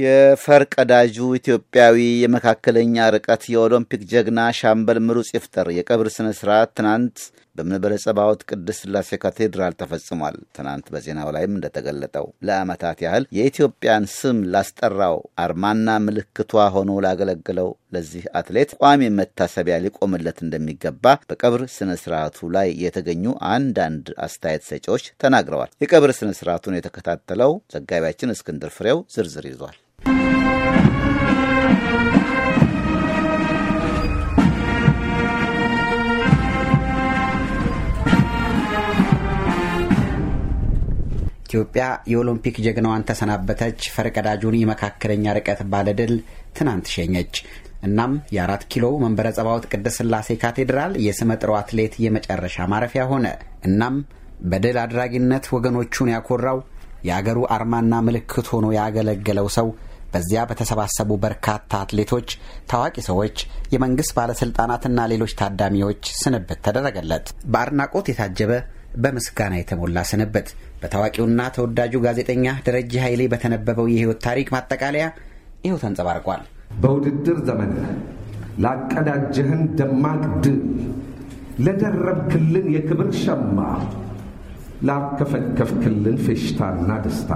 የፈርቀዳጁ ኢትዮጵያዊ የመካከለኛ ርቀት የኦሎምፒክ ጀግና ሻምበል ምሩጽ ይፍጠር የቀብር ስነ ስርዓት ትናንት በመንበረ ጸባዖት ቅድስት ስላሴ ካቴድራል ተፈጽሟል። ትናንት በዜናው ላይም እንደተገለጠው ለዓመታት ያህል የኢትዮጵያን ስም ላስጠራው አርማና ምልክቷ ሆኖ ላገለግለው ለዚህ አትሌት ቋሚ መታሰቢያ ሊቆምለት እንደሚገባ በቀብር ስነ ስርዓቱ ላይ የተገኙ አንዳንድ አስተያየት ሰጪዎች ተናግረዋል። የቀብር ስነ ስርዓቱን የተከታተለው ዘጋቢያችን እስክንድር ፍሬው ዝርዝር ይዟል። ኢትዮጵያ የኦሎምፒክ ጀግናዋን ተሰናበተች። ፈርቀዳጁን የመካከለኛ ርቀት ባለድል ትናንት ሸኘች። እናም የአራት ኪሎ መንበረ ጸባዖት ቅድስት ስላሴ ካቴድራል የስመጥሮ አትሌት የመጨረሻ ማረፊያ ሆነ። እናም በድል አድራጊነት ወገኖቹን ያኮራው የአገሩ አርማና ምልክት ሆኖ ያገለገለው ሰው በዚያ በተሰባሰቡ በርካታ አትሌቶች፣ ታዋቂ ሰዎች፣ የመንግሥት ባለሥልጣናትና ሌሎች ታዳሚዎች ስንብት ተደረገለት። በአድናቆት የታጀበ በምስጋና የተሞላ ሰነበት። በታዋቂውና ተወዳጁ ጋዜጠኛ ደረጀ ኃይሌ በተነበበው የሕይወት ታሪክ ማጠቃለያ ይኸው ተንጸባርቋል። በውድድር ዘመን ላቀዳጀህን ደማቅ ድል፣ ለደረብክልን የክብር ሸማ፣ ላከፈከፍክልን ፌሽታና ደስታ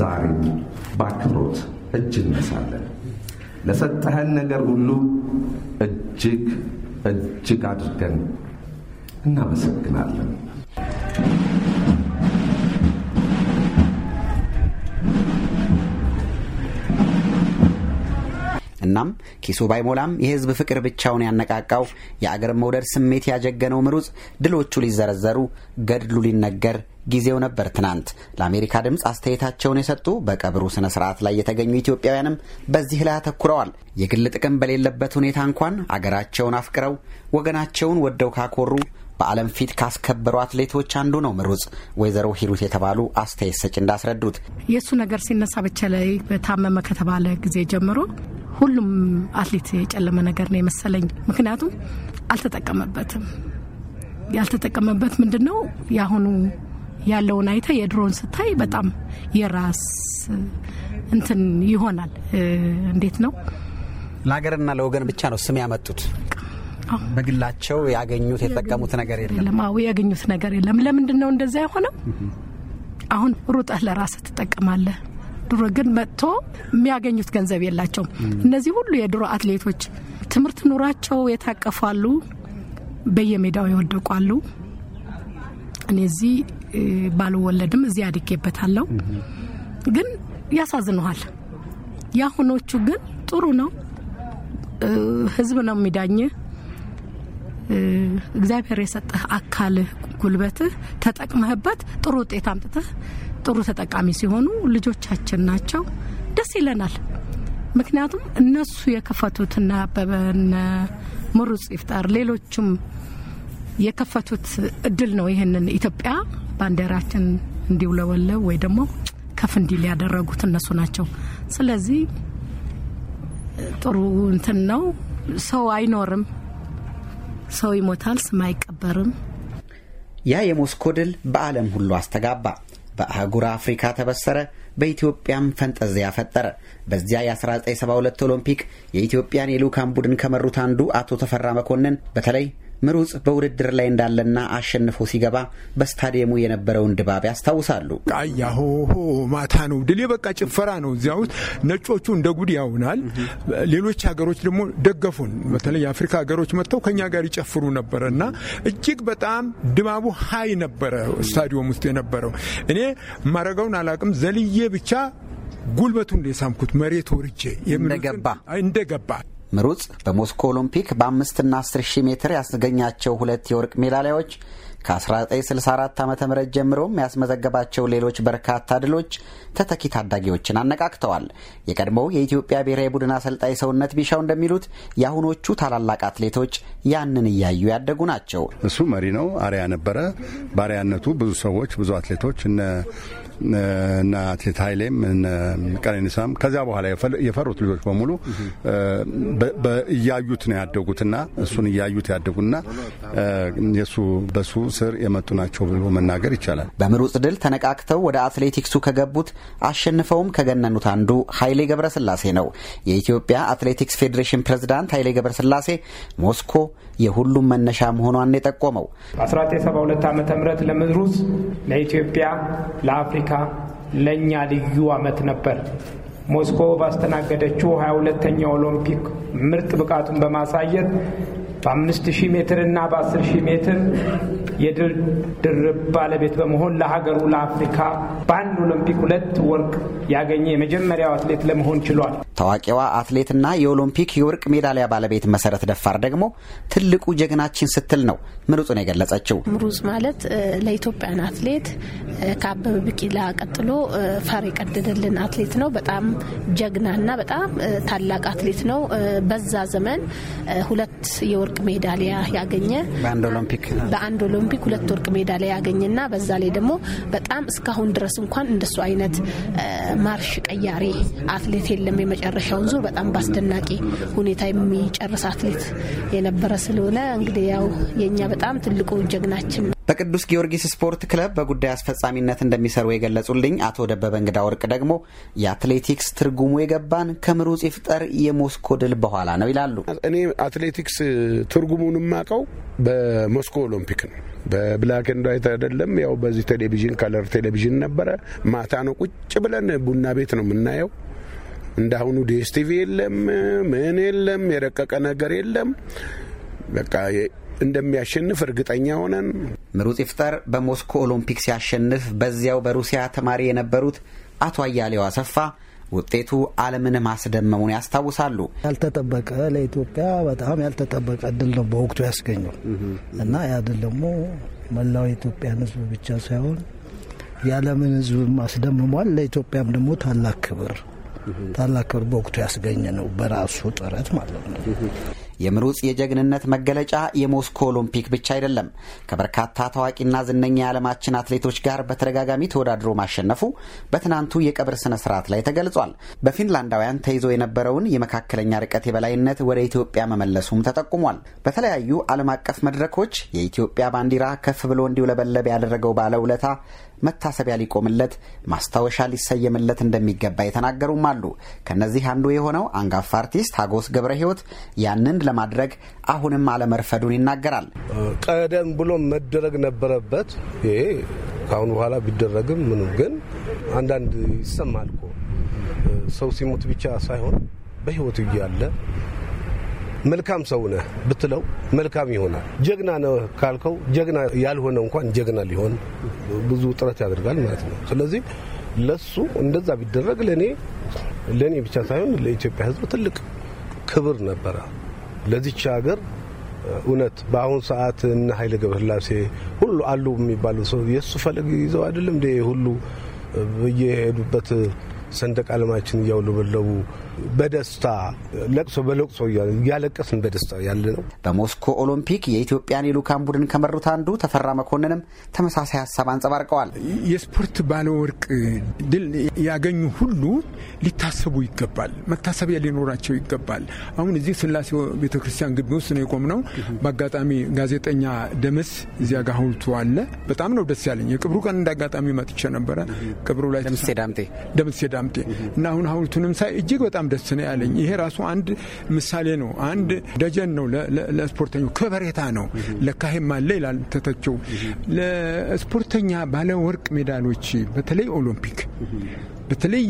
ዛሬም በአክብሮት እጅ እነሳለን። ለሰጠህን ነገር ሁሉ እጅግ እጅግ አድርገን እናመሰግናለን። እናም ኪሱ ባይሞላም የህዝብ ፍቅር ብቻውን ያነቃቃው የአገር መውደድ ስሜት ያጀገነው ምሩጽ ድሎቹ ሊዘረዘሩ ገድሉ ሊነገር ጊዜው ነበር። ትናንት ለአሜሪካ ድምፅ አስተያየታቸውን የሰጡ በቀብሩ ስነ ስርዓት ላይ የተገኙ ኢትዮጵያውያንም በዚህ ላይ አተኩረዋል። የግል ጥቅም በሌለበት ሁኔታ እንኳን አገራቸውን አፍቅረው ወገናቸውን ወደው ካኮሩ በዓለም ፊት ካስከበሩ አትሌቶች አንዱ ነው ምሩጽ። ወይዘሮ ሂሩት የተባሉ አስተያየት ሰጭ እንዳስረዱት የእሱ ነገር ሲነሳ ብቻ ላይ በታመመ ከተባለ ጊዜ ጀምሮ ሁሉም አትሌት የጨለመ ነገር ነው የመሰለኝ። ምክንያቱም አልተጠቀመበትም። ያልተጠቀመበት ምንድን ነው የአሁኑ ያለውን አይተ የድሮን ስታይ በጣም የራስ እንትን ይሆናል። እንዴት ነው ለሀገርና ለወገን ብቻ ነው ስም ያመጡት። በግላቸው ያገኙት የተጠቀሙት ነገር የለም። አዎ ያገኙት ነገር የለም። ለምንድን ነው እንደዛ የሆነው? አሁን ሩጠህ ለራስህ ትጠቀማለህ። ድሮ ግን መጥቶ የሚያገኙት ገንዘብ የላቸውም። እነዚህ ሁሉ የድሮ አትሌቶች ትምህርት ኑሯቸው የታቀፋሉ፣ በየሜዳው ይወደቋሉ። እኔ እዚህ ባልወለድም እዚህ አድጌበታለሁ። ግን ያሳዝንኋል። የአሁኖቹ ግን ጥሩ ነው፣ ህዝብ ነው የሚዳኝህ እግዚአብሔር የሰጠህ አካልህ፣ ጉልበትህ ተጠቅመህበት ጥሩ ውጤት አምጥተህ ጥሩ ተጠቃሚ ሲሆኑ ልጆቻችን ናቸው፣ ደስ ይለናል። ምክንያቱም እነሱ የከፈቱትና ያበበነ ምሩጽ ይፍጠር ሌሎችም የከፈቱት እድል ነው። ይህንን ኢትዮጵያ ባንዲራችን እንዲውለወለው ወይ ደግሞ ከፍ እንዲል ያደረጉት እነሱ ናቸው። ስለዚህ ጥሩ እንትን ነው። ሰው አይኖርም ሰው ይሞታል፣ ስም አይቀበርም። ያ የሞስኮ ድል በዓለም ሁሉ አስተጋባ። በአህጉር አፍሪካ ተበሰረ። በኢትዮጵያም ፈንጠዚያ ፈጠረ። በዚያ የ1972 ኦሎምፒክ የኢትዮጵያን የልዑካን ቡድን ከመሩት አንዱ አቶ ተፈራ መኮንን በተለይ ምሩጽ በውድድር ላይ እንዳለና አሸንፎ ሲገባ በስታዲየሙ የነበረውን ድባብ ያስታውሳሉ። አያሆሆ ማታ ነው ድሌ በቃ ጭፈራ ነው እዚያ ውስጥ ነጮቹ እንደ ጉድ ያውናል። ሌሎች ሀገሮች ደግሞ ደገፉን። በተለይ የአፍሪካ ሀገሮች መጥተው ከኛ ጋር ይጨፍሩ ነበረ እና እጅግ በጣም ድባቡ ሀይ ነበረ ስታዲየም ውስጥ የነበረው። እኔ ማረገውን አላቅም ዘልዬ ብቻ ጉልበቱን የሳምኩት መሬት ወርጄ እንደገባ ምሩጽ በሞስኮ ኦሎምፒክ በአምስትና አስር ሺህ ሜትር ያስገኛቸው ሁለት የወርቅ ሜዳሊያዎች ከ1964 ዓ ም ጀምሮም ያስመዘገባቸው ሌሎች በርካታ ድሎች ተተኪ ታዳጊዎችን አነቃቅተዋል። የቀድሞው የኢትዮጵያ ብሔራዊ ቡድን አሰልጣኝ ሰውነት ቢሻው እንደሚሉት የአሁኖቹ ታላላቅ አትሌቶች ያንን እያዩ ያደጉ ናቸው። እሱ መሪ ነው፣ አሪያ ነበረ። በአሪያነቱ ብዙ ሰዎች ብዙ አትሌቶች እነ እና ቴት ኃይሌም ቀነኒሳም ከዚያ በኋላ የፈሩት ልጆች በሙሉ እያዩት ነው ያደጉትና እሱን እያዩት ያደጉና የሱ በሱ ስር የመጡ ናቸው ብሎ መናገር ይቻላል። በምሩጽ ድል ተነቃቅተው ወደ አትሌቲክሱ ከገቡት አሸንፈውም ከገነኑት አንዱ ኃይሌ ገብረስላሴ ነው። የኢትዮጵያ አትሌቲክስ ፌዴሬሽን ፕሬዝዳንት ኃይሌ ገብረስላሴ ሞስኮ የሁሉም መነሻ መሆኗን የጠቆመው በ1972 ዓ ም ለምሩጽ ለኢትዮጵያ ለአፍሪካ ቆይታ ለእኛ ልዩ ዓመት ነበር። ሞስኮ ባስተናገደችው 22 ተኛ ኦሎምፒክ ምርጥ ብቃቱን በማሳየት በ5000 ሜትር እና በ10000 ሜትር የድል ድርብ ባለቤት በመሆን ለሀገሩ ለአፍሪካ በአንድ ኦሎምፒክ ሁለት ወርቅ ያገኘ የመጀመሪያው አትሌት ለመሆን ችሏል። ታዋቂዋ አትሌትና የኦሎምፒክ የወርቅ ሜዳሊያ ባለቤት መሰረት ደፋር ደግሞ ትልቁ ጀግናችን ስትል ነው ምሩጽን የገለጸችው። ምሩጽ ማለት ለኢትዮጵያን አትሌት ከአበበ ቢቂላ ቀጥሎ ፈር የቀደደልን አትሌት ነው። በጣም ጀግናና በጣም ታላቅ አትሌት ነው። በዛ ዘመን ሁለት የወርቅ ሜዳሊያ ያገኘ በአንድ ኦሎምፒክ ኦሎምፒክ ሁለት ወርቅ ሜዳሊያ ያገኘና በዛ ላይ ደግሞ በጣም እስካሁን ድረስ እንኳን እንደሱ አይነት ማርሽ ቀያሪ አትሌት የለም። የመጨረሻውን ዙር በጣም በአስደናቂ ሁኔታ የሚጨርስ አትሌት የነበረ ስለሆነ እንግዲህ ያው የእኛ በጣም ትልቁ ጀግናችን ነው። በቅዱስ ጊዮርጊስ ስፖርት ክለብ በጉዳይ አስፈጻሚነት እንደሚሰሩ የገለጹልኝ አቶ ደበበ እንግዳ ወርቅ ደግሞ የአትሌቲክስ ትርጉሙ የገባን ከምሩጽ ይፍጠር የሞስኮ ድል በኋላ ነው ይላሉ። እኔ አትሌቲክስ ትርጉሙን የማውቀው በሞስኮ ኦሎምፒክ ነው። በብላክ ኤንድ ዋይት አይደለም። ያው በዚህ ቴሌቪዥን ከለር ቴሌቪዥን ነበረ። ማታ ነው ቁጭ ብለን ቡና ቤት ነው የምናየው። እንደ አሁኑ ዲኤስቲቪ የለም፣ ምን የለም፣ የረቀቀ ነገር የለም። በቃ እንደሚያሸንፍ እርግጠኛ ሆነን ምሩጽ ይፍጠር በሞስኮ ኦሎምፒክ ሲያሸንፍ በዚያው በሩሲያ ተማሪ የነበሩት አቶ አያሌው አሰፋ ውጤቱ ዓለምን ማስደመሙን ያስታውሳሉ። ያልተጠበቀ ለኢትዮጵያ በጣም ያልተጠበቀ ድል ነው በወቅቱ ያስገኘው እና ያ ድል ደግሞ መላው የኢትዮጵያን ሕዝብ ብቻ ሳይሆን የዓለምን ህዝብ አስደምሟል። ለኢትዮጵያም ደግሞ ታላቅ ክብር ታላቅ ክብር በወቅቱ ያስገኘ ነው በራሱ ጥረት ማለት ነው። የምሩጽ የጀግንነት መገለጫ የሞስኮ ኦሎምፒክ ብቻ አይደለም። ከበርካታ ታዋቂና ዝነኛ የዓለማችን አትሌቶች ጋር በተደጋጋሚ ተወዳድሮ ማሸነፉ በትናንቱ የቀብር ስነ ስርዓት ላይ ተገልጿል። በፊንላንዳውያን ተይዞ የነበረውን የመካከለኛ ርቀት የበላይነት ወደ ኢትዮጵያ መመለሱም ተጠቁሟል። በተለያዩ ዓለም አቀፍ መድረኮች የኢትዮጵያ ባንዲራ ከፍ ብሎ እንዲውለበለብ ያደረገው ባለውለታ መታሰቢያ ሊቆምለት፣ ማስታወሻ ሊሰየምለት እንደሚገባ የተናገሩም አሉ። ከእነዚህ አንዱ የሆነው አንጋፋ አርቲስት ሀጎስ ገብረ ሕይወት ያንን ለማድረግ አሁንም አለመርፈዱን ይናገራል። ቀደም ብሎ መደረግ ነበረበት። ይሄ ከአሁን በኋላ ቢደረግም ምንም ግን አንዳንድ ይሰማል እኮ ሰው ሲሞት ብቻ ሳይሆን በህይወቱ እያለ መልካም ሰው ነህ ብትለው መልካም ይሆናል። ጀግና ነህ ካልከው ጀግና ያልሆነ እንኳን ጀግና ሊሆን ብዙ ጥረት ያደርጋል ማለት ነው። ስለዚህ ለሱ እንደዛ ቢደረግ ለእኔ ለእኔ ብቻ ሳይሆን ለኢትዮጵያ ሕዝብ ትልቅ ክብር ነበረ። ለዚች ሀገር እውነት በአሁኑ ሰዓት እነ ኃይለ ገብረስላሴ ሁሉ አሉ የሚባሉ ሰው የእሱ ፈለግ ይዘው አይደለም ሁሉ በየሄዱበት ሰንደቅ ዓለማችን እያውለበለቡ በደስታ ለቅሶ በለቅሶ እያለቀስን በደስታ ያለ ነው። በሞስኮ ኦሎምፒክ የኢትዮጵያን የልዑካን ቡድን ከመሩት አንዱ ተፈራ መኮንንም ተመሳሳይ ሀሳብ አንጸባርቀዋል። የስፖርት ባለወርቅ ድል ያገኙ ሁሉ ሊታሰቡ ይገባል። መታሰቢያ ሊኖራቸው ይገባል። አሁን እዚህ ስላሴ ቤተ ክርስቲያን ግቢ ውስጥ ነው የቆምነው። በአጋጣሚ ጋዜጠኛ ደመስ እዚያ ጋር ሐውልቱ አለ። በጣም ነው ደስ ያለኝ። የቅብሩ ቀን እንደ አጋጣሚ መጥቼ ነበረ። ቅብሩ ላይ ደምሴ ዳምቴ ተራምዴ እና አሁን ሀውልቱንም ሳይ እጅግ በጣም ደስ ነው ያለኝ። ይሄ ራሱ አንድ ምሳሌ ነው፣ አንድ ደጀን ነው ለስፖርተኛው ከበሬታ ነው። ለካሄም አለ ይላል ተተቸው ለስፖርተኛ ባለ ወርቅ ሜዳሎች በተለይ ኦሎምፒክ በተለይ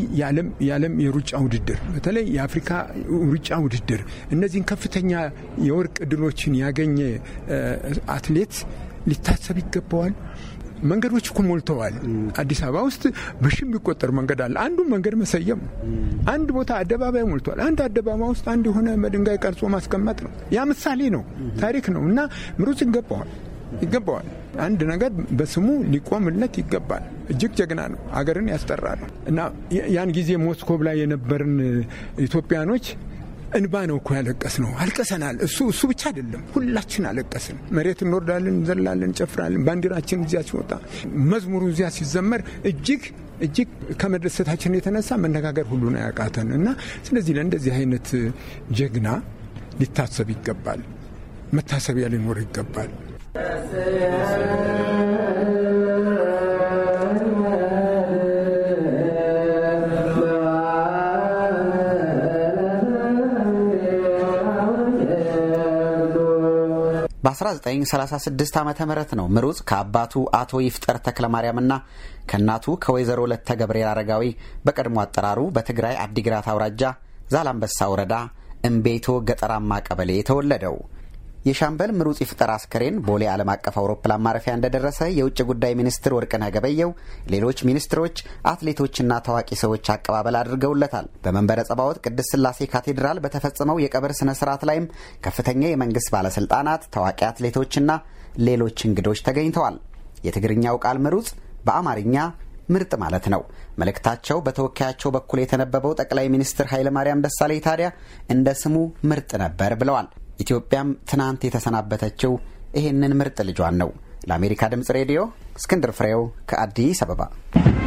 የዓለም የሩጫ ውድድር በተለይ የአፍሪካ ሩጫ ውድድር እነዚህን ከፍተኛ የወርቅ ድሎችን ያገኘ አትሌት ሊታሰብ ይገባዋል። መንገዶች እኮ ሞልተዋል። አዲስ አበባ ውስጥ በሺ የሚቆጠር መንገድ አለ። አንዱ መንገድ መሰየም ነው። አንድ ቦታ አደባባይ ሞልተዋል። አንድ አደባባይ ውስጥ አንድ የሆነ መድንጋይ ቀርጾ ማስቀመጥ ነው። ያ ምሳሌ ነው፣ ታሪክ ነው እና ምሩጽ ይገባዋል ይገባዋል። አንድ ነገር በስሙ ሊቆምለት ይገባል። እጅግ ጀግና ነው። አገርን ያስጠራል እና ያን ጊዜ ሞስኮብ ላይ የነበርን ኢትዮጵያኖች እንባ ነው እኮ ያለቀስ ነው። አልቀሰናል። እሱ እሱ ብቻ አይደለም፣ ሁላችን አለቀስን። መሬት እንወርዳለን፣ እንዘላለን፣ እንጨፍራለን። ባንዲራችን እዚያ ሲወጣ መዝሙሩ እዚያ ሲዘመር እጅግ እጅግ ከመደሰታችን የተነሳ መነጋገር ሁሉ ነው ያቃተን እና ስለዚህ ለእንደዚህ አይነት ጀግና ሊታሰብ ይገባል። መታሰቢያ ሊኖር ይገባል። በ1936 ዓ ም ነው ምሩጽ ከአባቱ አቶ ይፍጠር ተክለማርያምና ከእናቱ ከወይዘሮ ለተ ገብርኤል አረጋዊ በቀድሞ አጠራሩ በትግራይ አዲግራት አውራጃ ዛላንበሳ ወረዳ እምቤቶ ገጠራማ ቀበሌ የተወለደው። የሻምበል ምሩጽ ይፍጠር አስከሬን ቦሌ ዓለም አቀፍ አውሮፕላን ማረፊያ እንደደረሰ የውጭ ጉዳይ ሚኒስትር ወርቅነህ ገበየው ሌሎች ሚኒስትሮች፣ አትሌቶችና ታዋቂ ሰዎች አቀባበል አድርገውለታል። በመንበረ ጸባወት ቅድስት ስላሴ ካቴድራል በተፈጸመው የቀብር ስነ ስርዓት ላይም ከፍተኛ የመንግስት ባለስልጣናት፣ ታዋቂ አትሌቶችና ሌሎች እንግዶች ተገኝተዋል። የትግርኛው ቃል ምሩጽ በአማርኛ ምርጥ ማለት ነው። መልእክታቸው በተወካያቸው በኩል የተነበበው ጠቅላይ ሚኒስትር ኃይለማርያም ደሳለኝ ታዲያ እንደ ስሙ ምርጥ ነበር ብለዋል። ኢትዮጵያም ትናንት የተሰናበተችው ይህንን ምርጥ ልጇን ነው። ለአሜሪካ ድምፅ ሬዲዮ እስክንድር ፍሬው ከአዲስ አበባ